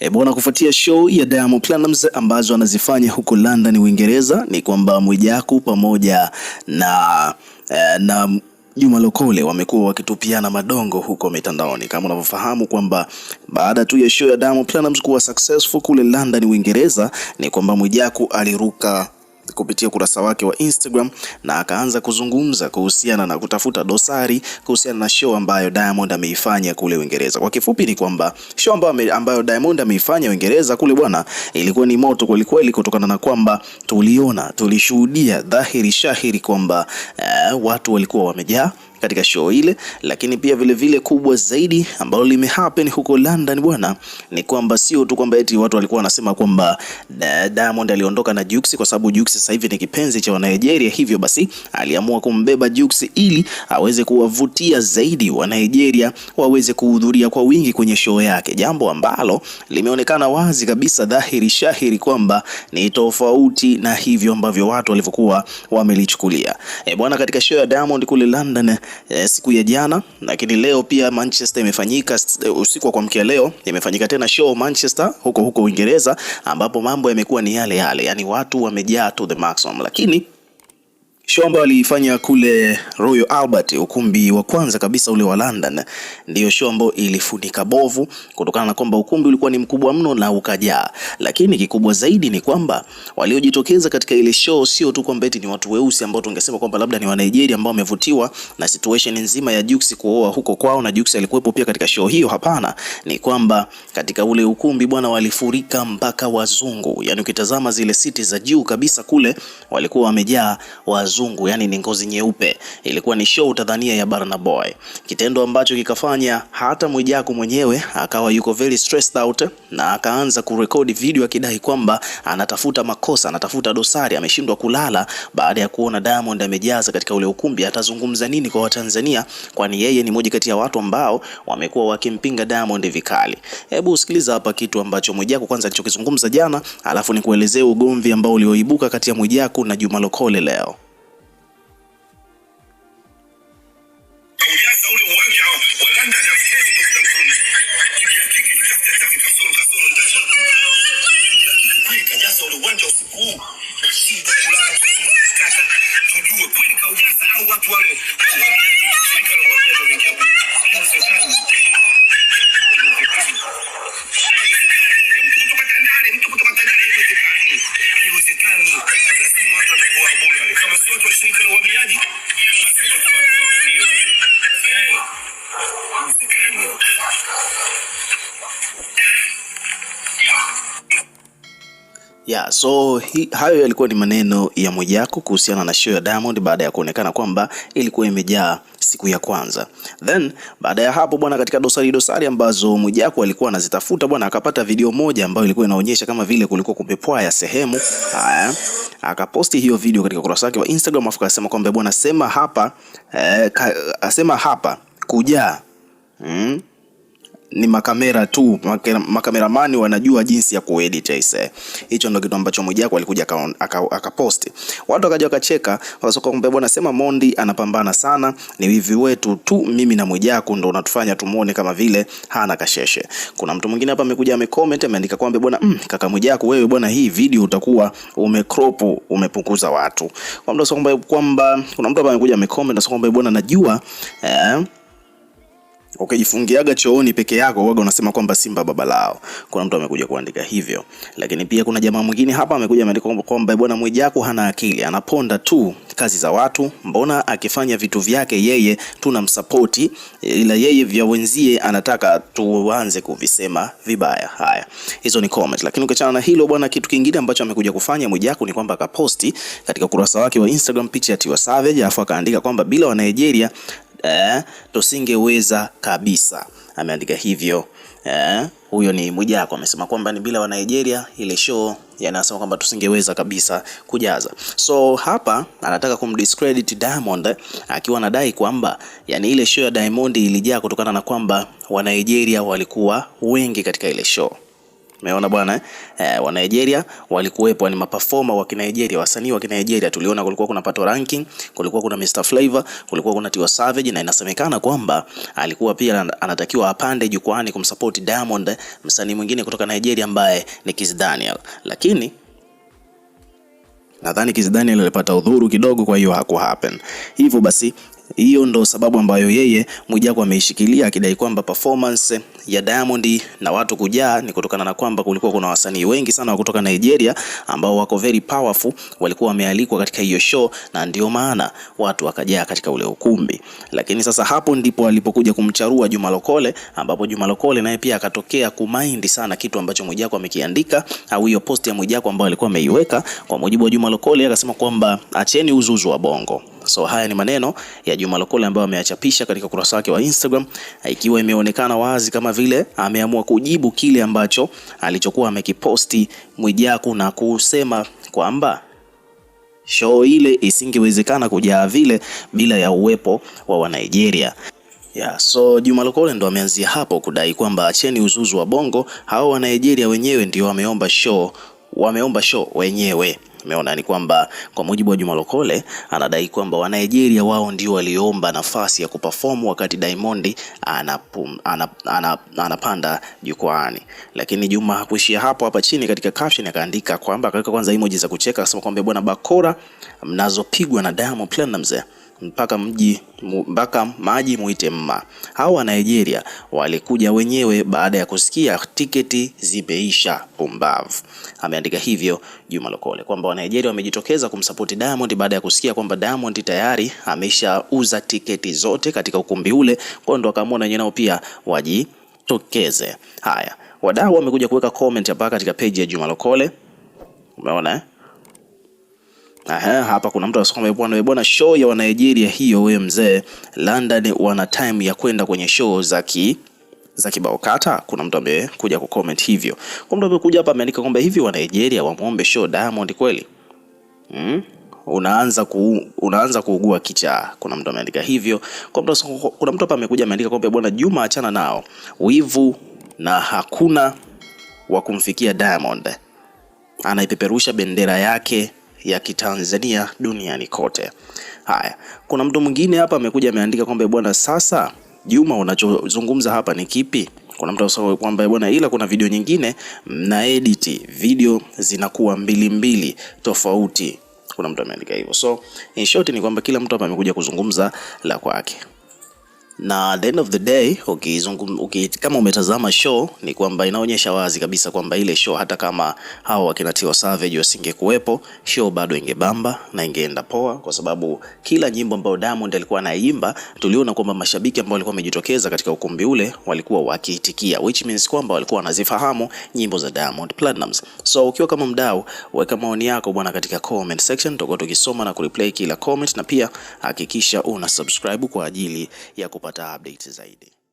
E, bwana kufuatia show ya Diamond Platnumz ambazo anazifanya huko London Uingereza, ni kwamba Mwijaku pamoja na eh, na Juma Lokole wamekuwa wakitupiana madongo huko mitandaoni, kama unavyofahamu kwamba baada tu ya show ya Diamond Platnumz kuwa successful kule London Uingereza, ni kwamba Mwijaku aliruka kupitia ukurasa wake wa Instagram na akaanza kuzungumza kuhusiana na kutafuta dosari kuhusiana na show ambayo Diamond ameifanya kule Uingereza. Kwa kifupi ni kwamba show ambayo, ambayo Diamond ameifanya Uingereza kule bwana, ilikuwa ni moto kweli kweli, kutokana na kwamba tuliona tulishuhudia dhahiri shahiri kwamba eh, watu walikuwa wamejaa katika show ile, lakini pia vile vile kubwa zaidi ambalo limehappen huko London bwana, ni kwamba sio tu kwamba eti watu walikuwa wanasema kwamba Diamond aliondoka na Jux kwa sababu Jux sasa hivi ni kipenzi cha Wanigeria, hivyo basi aliamua kumbeba Jux ili aweze kuwavutia zaidi Wanigeria waweze kuhudhuria kwa wingi kwenye show yake, jambo ambalo limeonekana wazi kabisa dhahiri shahiri kwamba ni tofauti na hivyo ambavyo watu walivyokuwa wamelichukulia. E bwana, katika show ya Diamond kule London e, siku ya jana, lakini leo pia Manchester imefanyika eh, usiku wa kuamkia leo imefanyika tena show Manchester huko huko Uingereza, ambapo mambo yamekuwa ni yale yale, yani watu wamejaa to the maximum, lakini Show ambayo aliifanya kule Royal Albert, ukumbi wa kwanza kabisa ule wa London, ndiyo show ambayo ilifunika bovu kutokana na kwamba ukumbi ulikuwa ni mkubwa mno na ukajaa. Lakini kikubwa zaidi ni kwamba waliojitokeza katika ile show sio tu kwamba eti ni watu weusi ambao tungesema kwamba labda ni wa Nigeria ambao wamevutiwa na situation nzima ya Jux kuoa huko kwao, na Jux alikuwepo pia katika show hiyo. Hapana, ni kwamba katika ule ukumbi bwana, walifurika mpaka wazungu. Yani ukitazama zile siti za juu kabisa kule walikuwa wamejaa wazungu wazungu, yani ni ngozi nyeupe. Ilikuwa ni show utadhania ya Burna Boy, kitendo ambacho kikafanya hata Mwijaku mwenyewe akawa yuko very stressed out na akaanza kurekodi video akidai kwamba anatafuta makosa, anatafuta dosari, ameshindwa kulala baada ya kuona Diamond amejaza katika ule ukumbi. Atazungumza nini kwa Watanzania? Kwani yeye ni moja kati ya watu ambao wamekuwa wakimpinga Diamond vikali. Hebu usikiliza hapa kitu ambacho Mwijaku kwanza alichokizungumza jana, alafu nikuelezee ugomvi ambao ulioibuka kati ya Mwijaku na Juma Lokole leo. 物，气得不赖。Yeah, so hi, hayo yalikuwa ni maneno ya Mwijaku kuhusiana na show ya Diamond baada ya kuonekana kwamba ilikuwa imejaa siku ya kwanza. Then baada ya hapo bwana, katika dosari dosari ambazo Mwijaku alikuwa anazitafuta bwana, akapata video moja ambayo ilikuwa inaonyesha kama vile kulikuwa kumepwaya sehemu. Haya, akaposti hiyo video katika ukurasa yake wa Instagram, afu akasema kwamba bwana, sema hapa eh, ka, asema hapa kujaa mm ni makamera tu, makamera mani wanajua jinsi ya kuedit aise. Hicho ndo kitu ambacho Mwijaku alikuja akaposti, watu wakaja wakacheka, wakasoka kumbe bwana, sema Mondi anapambana sana, ni wivi wetu tu, mimi na Mwijaku ndo unatufanya tumuone kama vile hana kasheshe. Kuna mtu mwingine hapa amekuja amecomment, ameandika kwamba bwana, mm, kaka Mwijaku wewe bwana, hii video utakuwa umecrop, umepunguza watu kwa kwamba, kuna mtu hapa amekuja amecomment kwamba bwana, najua eh, ukijifungiaga okay, chooni peke yako waga unasema kwamba Simba baba lao. Kuna mtu amekuja kuandika hivyo, lakini pia kuna jamaa mwingine hapa amekuja ameandika kwamba bwana Mwijaku hana akili, anaponda tu kazi za watu. Mbona akifanya vitu vyake yeye tunamsapoti, ila yeye vya wenzie anataka tuanze kuvisema vibaya. Haya, hizo ni comment. Lakini ukiachana na hilo bwana, kitu kingine ambacho amekuja kufanya Mwijaku ni kwamba akaposti katika ukurasa wake wa Instagram picha ya Tiwa Savage, alafu akaandika kwamba bila wa Nigeria eh, tusingeweza kabisa. Ameandika hivyo eh, huyo ni Mwijako amesema kwamba ni bila wa Nigeria ile show yanasema kwamba tusingeweza kabisa kujaza. So hapa anataka kumdiscredit Diamond eh, akiwa anadai kwamba yani ile show ya Diamond ilijaa kutokana na kwamba wa Nigeria walikuwa wengi katika ile show. Umeona bwana eh? Eh, Wa Nigeria walikuwepo, ni maperforma wa Kinigeria, wasanii wa Kinigeria. Tuliona kulikuwa kuna Pato Ranking, kulikuwa kuna Mr Flavor, kulikuwa kuna Tiwa Savage, na inasemekana kwamba alikuwa pia anatakiwa apande jukwani kumsupport Diamond, eh, msanii mwingine kutoka Nigeria ambaye ni Kiss Daniel, lakini nadhani Kiss Daniel alipata udhuru kidogo, kwa hiyo haku happen. Hivyo basi hiyo ndo sababu ambayo yeye Mwijaku ameishikilia akidai kwamba performance ya Diamond na watu kujaa ni kutokana na kwamba kulikuwa kuna wasanii wengi sana wa kutoka Nigeria ambao wako very powerful, walikuwa wamealikwa katika hiyo show na ndio maana watu wakajaa katika ule ukumbi. Lakini sasa hapo ndipo alipokuja kumcharua Juma Lokole, ambapo Juma Lokole naye pia akatokea kumaindi sana kitu ambacho Mwijaku amekiandika au hiyo post ya Mwijaku ambayo alikuwa ameiweka. Kwa mujibu wa Juma Lokole, akasema kwamba acheni uzuzu wa bongo So haya ni maneno ya Juma Lokole ambayo ameyachapisha katika ukurasa wake wa Instagram, ikiwa imeonekana wazi kama vile ameamua kujibu kile ambacho alichokuwa amekiposti Mwijaku na kusema kwamba show ile isingewezekana kujaa vile bila ya uwepo wa Wanigeria. Yeah, so Juma Lokole ndo ameanzia hapo kudai kwamba acheni uzuzu wa Bongo, hao Nigeria wenyewe ndio wameomba show wameomba show wenyewe. Umeona ni kwamba kwa mujibu wa Juma Lokole anadai kwamba wa Nigeria wao ndio waliomba nafasi ya kuperform wakati Diamond anapum, anap, anap, anapanda jukwaani, lakini Juma hakuishia hapo. Hapa chini katika caption akaandika kwamba, akaweka kwanza emoji za kucheka, akasema kwamba bwana bakora mnazopigwa na Diamond mzee mpaka mji mpaka maji muite mma. Hao wa Nigeria walikuja wenyewe baada ya kusikia tiketi zimeisha. Pumbavu. Ameandika hivyo Juma Lokole kwamba wa Nigeria wamejitokeza kumsupport Diamond baada ya kusikia kwamba Diamond tayari ameshauza tiketi zote katika ukumbi ule, kwa ndo akaamua nao pia wajitokeze. Haya, wadau wamekuja kuweka comment hapa katika page ya Juma Lokole, umeona eh? Aha, hapa kuna mtu anasema bwana bwana, show ya Wanigeria hiyo, we mzee, London wana time ya kwenda kwenye show za ki za kibao kata. Kuna mtu amekuja ku comment hivyo. kwa mtu amekuja hapa ameandika kwamba hivi wa Nigeria wamwombe show Diamond kweli? Mm? Unaanza ku, unaanza kuugua kichaa. Kuna mtu ameandika hivyo. kwa mtu Kuna mtu hapa amekuja ameandika kwamba bwana Juma, achana nao wivu na hakuna wa kumfikia Diamond, anaipeperusha bendera yake ya Kitanzania duniani kote. Haya, kuna mtu mwingine hapa amekuja ameandika kwamba bwana, sasa Juma, unachozungumza hapa ni kipi? Kuna mtu anasema kwamba bwana, ila kuna video nyingine mna edit video zinakuwa mbili mbili tofauti. Kuna mtu ameandika hivyo, so in short ni kwamba kila mtu hapa amekuja kuzungumza la kwake na at the end of the day okay, uki, kama umetazama show ni kwamba inaonyesha wazi kabisa kwamba ile show hata kama hao wakina Tiwa Savage wasingekuwepo, show bado ingebamba na ingeenda poa, kwa sababu kila nyimbo ambayo Diamond alikuwa anaimba tuliona kwamba mashabiki ambao walikuwa wamejitokeza katika ukumbi ule walikuwa wakiitikia, which means kwamba walikuwa wanazifahamu nyimbo za Diamond Platnumz. So ukiwa kama mdau, weka maoni yako bwana katika comment section, tutakuwa tukisoma na kureplay kila comment, na pia hakikisha una subscribe kwa ajili ya kupata to update his ID.